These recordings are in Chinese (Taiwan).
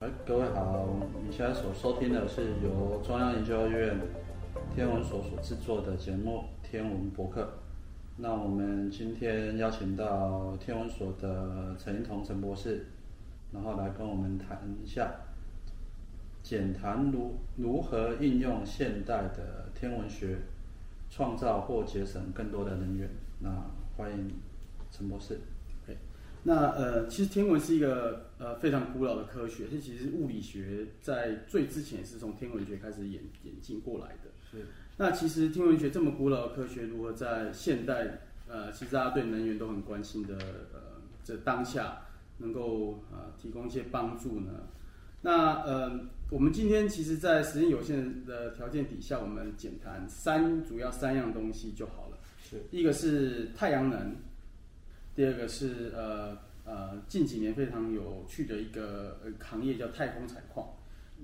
哎，各位好！你現在所收聽的是由中央研究院天文所所製作的節目《天文播客》。那我們今天邀請到天文所的陳英同陳博士，然後來跟我們談一下，簡談如如何應用現代的天文學創造或節省更多的能源。那歡迎陳博士。那呃，其實天文是一個呃非常古老的科學，其實物理學在最之前也是從天文學開始演演進過來的。是。那其實天文學這麼古老的科學，如何在現代呃，其實大家對能源都很關心的呃這當下，能夠呃提供一些幫助呢？那呃，我們今天其實在時間有限的條件底下，我們簡談三主要三樣東西就好了。是。一個是太陽能。第二個是呃呃近幾年非常有趣的一個行業，叫太空採礦。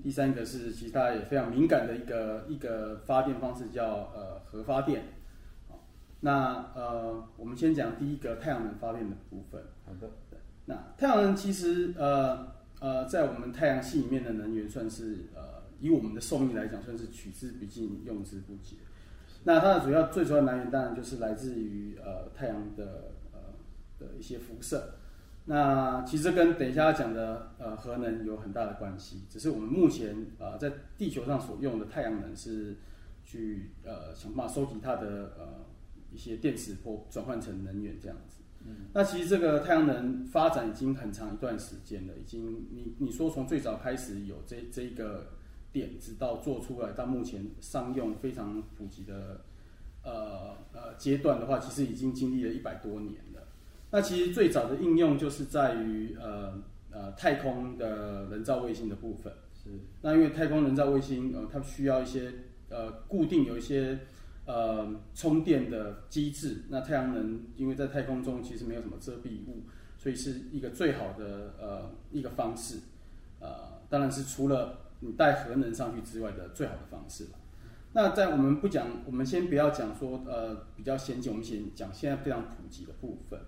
第三個是其實大家也非常敏感的一個一個發電方式，叫呃核發電，好，那呃我們先講第一個太陽能發電的部分，好的，那太陽能其實呃呃在我們太陽系裡面的能源，算是呃以我們的壽命來講，算是取之不盡、用之不竭。那它的主要最主要的能源當然就是來自於呃太陽的。的一些輻射，那其實跟等一下講的呃核能有很大的關係，只是我們目前呃在地球上所用的太陽能是去呃想辦法收集它的呃一些電磁波轉換成能源這樣子。嗯，那其實這個太陽能發展已經很長一段時間了，已經你你說從最早開始有這這個點子到做出來到目前商用非常普及的呃呃階段的話，其實已經經歷了一百多年了。那其實最早的應用就是在於呃呃太空的人造衛星的部分。是，那因為太空人造衛星呃它需要一些呃固定有一些呃充電的機制。那太陽能因為在太空中，其實沒有什麼遮蔽物，所以是一個最好的呃一個方式。呃，當然是除了你帶核能上去之外的最好的方式了。那在我們不講，我們先不要講說呃比較先進，我們先講現在非常普及的部分。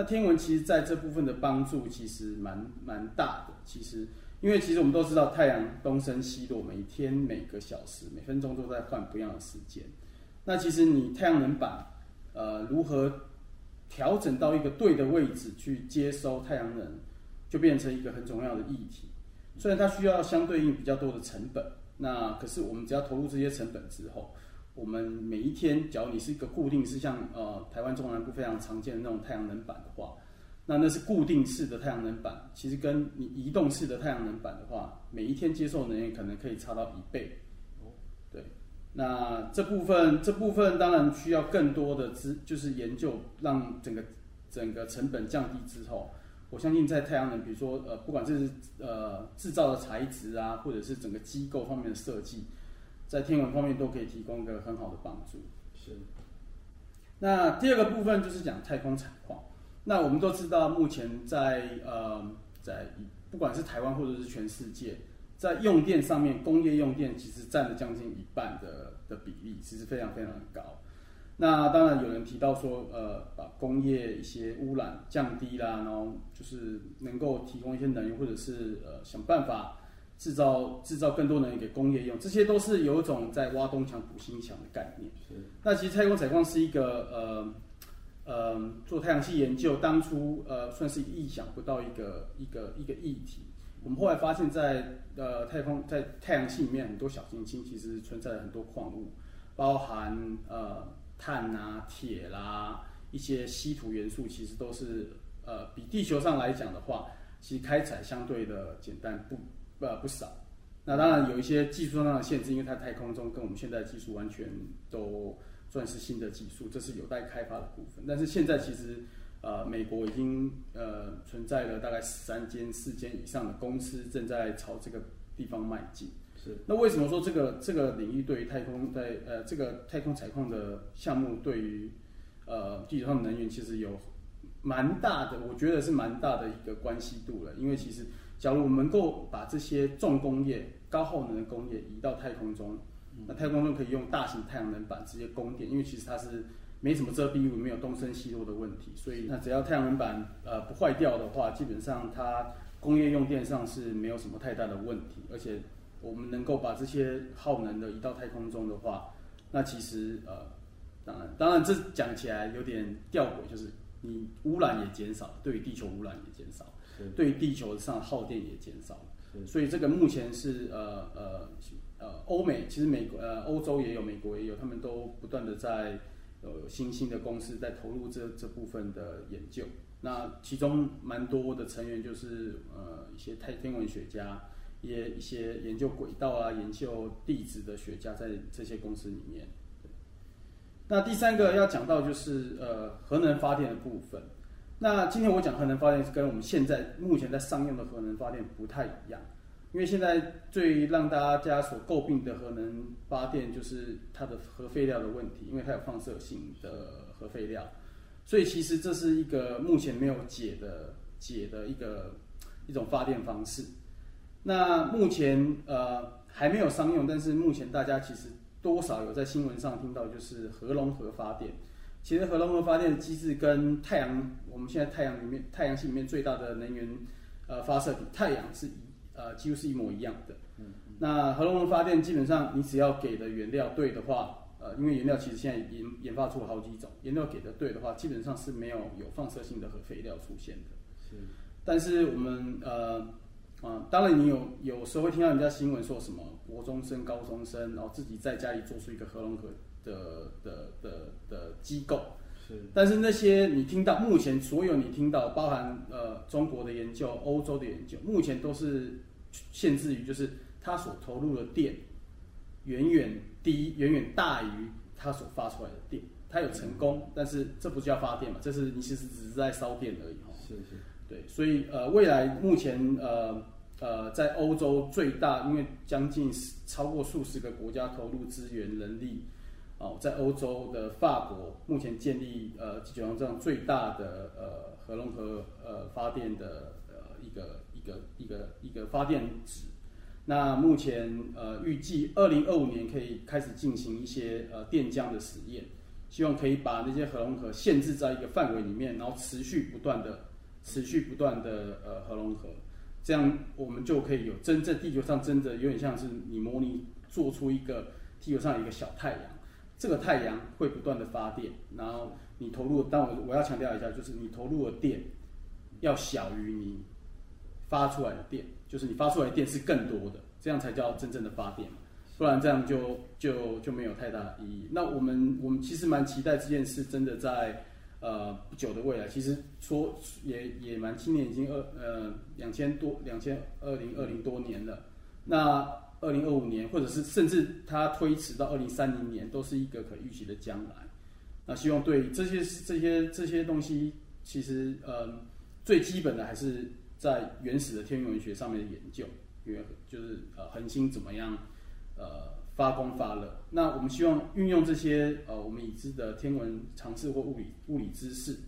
那天文其實在這部分的幫助其實蠻蠻大的。其實，因為其實我們都知道太陽東升西落，每天每個小時每分鐘都在換不一樣的時間。那其實你太陽能板，呃，如何調整到一個對的位置去接收太陽能，就變成一個很重要的議題。雖然它需要相對應比較多的成本，那可是我們只要投入這些成本之後。我們每一天，假如你是一個固定式，像呃台灣中南部非常常見的那種太陽能板的話，那那是固定式的太陽能板。其實跟你移動式的太陽能板的話，每一天接受能源可能可以差到一倍。對，那這部分這部分當然需要更多的資，就是研究讓整個整個成本降低之後，我相信在太陽能，比如說呃，不管這是呃製造的材質啊，或者是整個機構方面的設計。在天文方面都可以提供一個很好的幫助。是。那第二個部分就是講太空採礦。那我們都知道，目前在呃在不管是台灣或者是全世界，在用電上面，工業用電其實佔了將近一半的的比例，其實非常非常的高。那當然有人提到說，呃，把工業一些污染降低啦，然後就是能夠提供一些能源，或者是呃想辦法。製造製造更多能源給工業用，這些都是有一種在挖東牆補西牆的概念。是，那其實太空採礦是一個呃呃做太陽系研究當初呃算是一個意想不到一個一個一個議題。嗯。我們後來發現在，在呃太空在太陽系裡面很多小行星其實存在很多礦物，包含呃碳啊、鐵啦、啊、一些稀土元素，其實都是呃比地球上來講的話，其實開採相對的簡單不。不不少，那當然有一些技術上的限制，因為它太空中跟我們現在技術完全都算是新的技術，這是有待開發的部分。但是現在其實，呃，美國已經呃存在了大概三間四間以上的公司正在朝這個地方邁進。是。那為什麼說這個這個領域對於太空在呃這個太空採礦的項目對於呃地球上的能源其實有蠻大的，我覺得是蠻大的一個關系度了，因為其實。假如我們能夠把這些重工業、高耗能的工業移到太空中，那太空中可以用大型太陽能板直接供電，因為其實它是沒什麼遮蔽物，沒有東升西落的問題，所以那只要太陽能板呃不壞掉的話，基本上它工業用電上是沒有什麼太大的問題。而且我們能夠把這些耗能的移到太空中的話，那其實呃當然當然這講起來有點弔詭，就是你污染也減少，對於地球污染也減少。對地球上耗電也減少了，所以這個目前是呃呃呃，歐美其實美國呃歐洲也有，美國也有，他們都不斷的在有、呃、新興的公司在投入這這部分的研究。那其中蠻多的成員就是呃一些太天文學家，也一些研究軌道啊、研究地質的學家，在這些公司裡面。那第三個要講到就是呃核能發電的部分。那今天我講核能發電是跟我們現在目前在商用的核能發電不太一樣，因為現在最讓大家所詬病的核能發電就是它的核廢料的問題，因為它有放射性的核廢料，所以其實這是一個目前沒有解的解的一個一種發電方式。那目前呃還沒有商用，但是目前大家其實多少有在新聞上聽到，就是核融合發電。其實核融合發電的機制跟太陽，我們現在太陽裡面、太陽系裡面最大的能源，呃，發射體太陽是呃，幾乎是一模一樣的。嗯嗯。那核融合發電基本上，你只要給的原料對的話，呃，因為原料其實現在研研發出了好幾種，原料給的對的話，基本上是沒有有放射性的核廢料出現的。是。但是我們呃，啊，呃，當然你有有時候會聽到人家新聞說什麼國中生、高中生，然後自己在家裡做出一個核融合。的的的的機構是，但是那些你聽到目前所有你聽到包含呃中國的研究、歐洲的研究，目前都是限制於就是他所投入的電遠遠低、遠遠大於他所發出來的電。他有成功、嗯，但是這不叫發電嘛？這是你其實只是在燒電而已。是是，對。所以呃，未來目前呃呃，在歐洲最大，因為將近十超過數十個國家投入資源、人力。哦，在歐洲的法國，目前建立呃地球上最大的呃核融合呃發電的呃一個一個一個一個發電池。那目前呃預計二零二五年可以開始進行一些呃電漿的實驗，希望可以把那些核融合限制在一個範圍裡面，然後持續不斷的、持續不斷的呃核融合，這樣我們就可以有真正地球上真的有點像是你模擬做出一個地球上一個小太陽。這個太陽會不斷的發電，然後你投入，但我我要強調一下，就是你投入的電要小於你發出來的電，就是你發出來的電是更多的，這樣才叫真正的發電，不然這樣就就就沒有太大意義。那我們我們其實蠻期待這件事真的在呃不久的未來，其實說也也蠻今年已經二呃兩千多兩千二零二零多年了，嗯、那。二零二五年，或者是甚至它推遲到二零三零年，都是一個可預期的將來。那希望對於這些這些這些東西，其實呃最基本的還是在原始的天文學上面的研究，因為就是呃恆星怎麼樣呃發光發熱。那我們希望運用這些呃我們已知的天文常識或物理物理知識，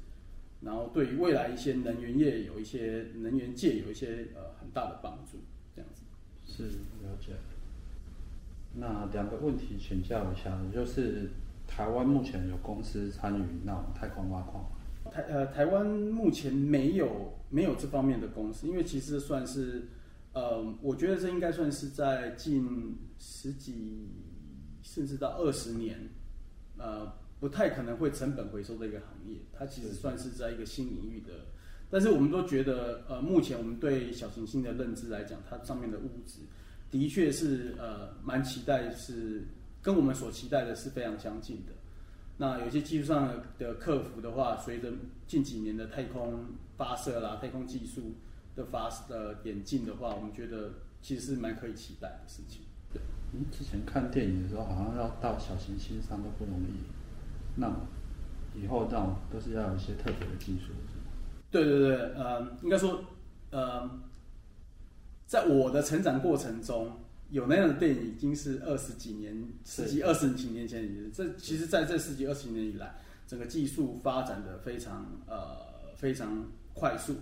然後對於未來一些能源業有一些能源界有一些呃很大的幫助，這樣子。是，了解。那兩個問題請教一下，就是台灣目前有公司參與那種太空挖礦嗎？台，呃，台灣目前沒有沒有這方面的公司，因為其實算是，呃，我覺得這應該算是在近十幾甚至到二十年，呃，不太可能會成本回收的一個行業。它其實算是在一個新領域的。但是我們都覺得，呃，目前我們對小行星的認知來講，它上面的物質，的確是呃蠻期待是，是跟我們所期待的是非常相近的。那有些技術上的克服的話，隨着近幾年的太空發射啦、太空技術的發呃演進的話，我們覺得其實是蠻可以期待的事情。對，嗯，之前看電影的時候，好像要到小行星上都不容易，那以後到都是要有一些特別的技術。對對對，呃，應該說，呃，在我的成長過程中，有那樣的電影已經是二十幾年，十幾二十幾年前的。這其實，在這十幾二十幾年以來，整個技術發展得非常呃非常快速。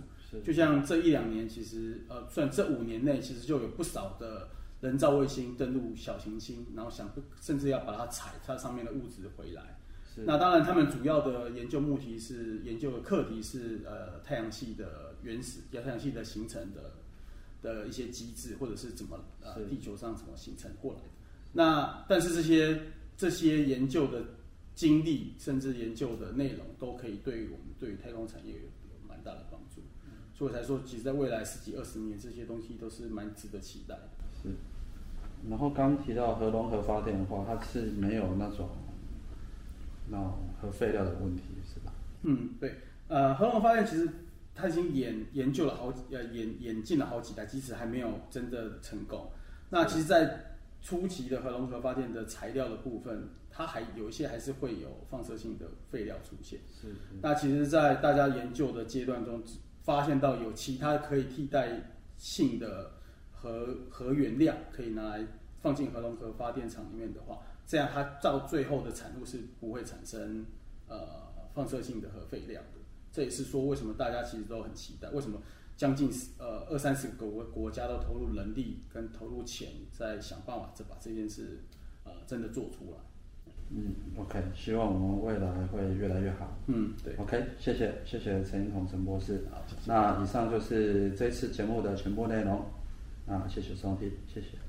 就像這一兩年，其實呃，算這五年內，其實就有不少的人造衛星登陸小行星，然後想不甚至要把它採它上面的物質回來。那當然，他們主要的研究目的是研究的課題是呃太陽系的原始，太陽系的形成的的一些機制，或者是怎麼呃、啊、地球上怎麼形成過來的。那但是這些這些研究的經歷甚至研究的內容，都可以對於我們對於太空產業有蠻大的幫助、嗯。所以才說，其實在未來十幾二十年，這些東西都是蠻值得期待的。是。然後剛提到核融合發電的話，它是沒有那種、嗯。那核廢料的問題是吧？嗯，對。呃，核融合發電其實它已經研研究了好呃研研進了好幾代，即使還沒有真的成功。那其實，在初期的核融合發電的材料的部分，它還有一些還是會有放射性的廢料出現。是,是。那其實，在大家研究的階段中，發現到有其他可以替代性的核核原料可以拿來放進核融合發電廠裡面的話。這樣，它到最後的產物是不會產生呃放射性的核廢料的。這也是說，為什麼大家其實都很期待，為什麼將近呃二三十個國國家都投入人力跟投入錢在想辦法，再把這件事呃真的做出來。嗯，OK，希望我們未來會越來越好。嗯，對，OK，謝謝，謝謝陳英同陳博士啊。那以上就是這次節目的全部內容啊。謝謝收聽，謝謝。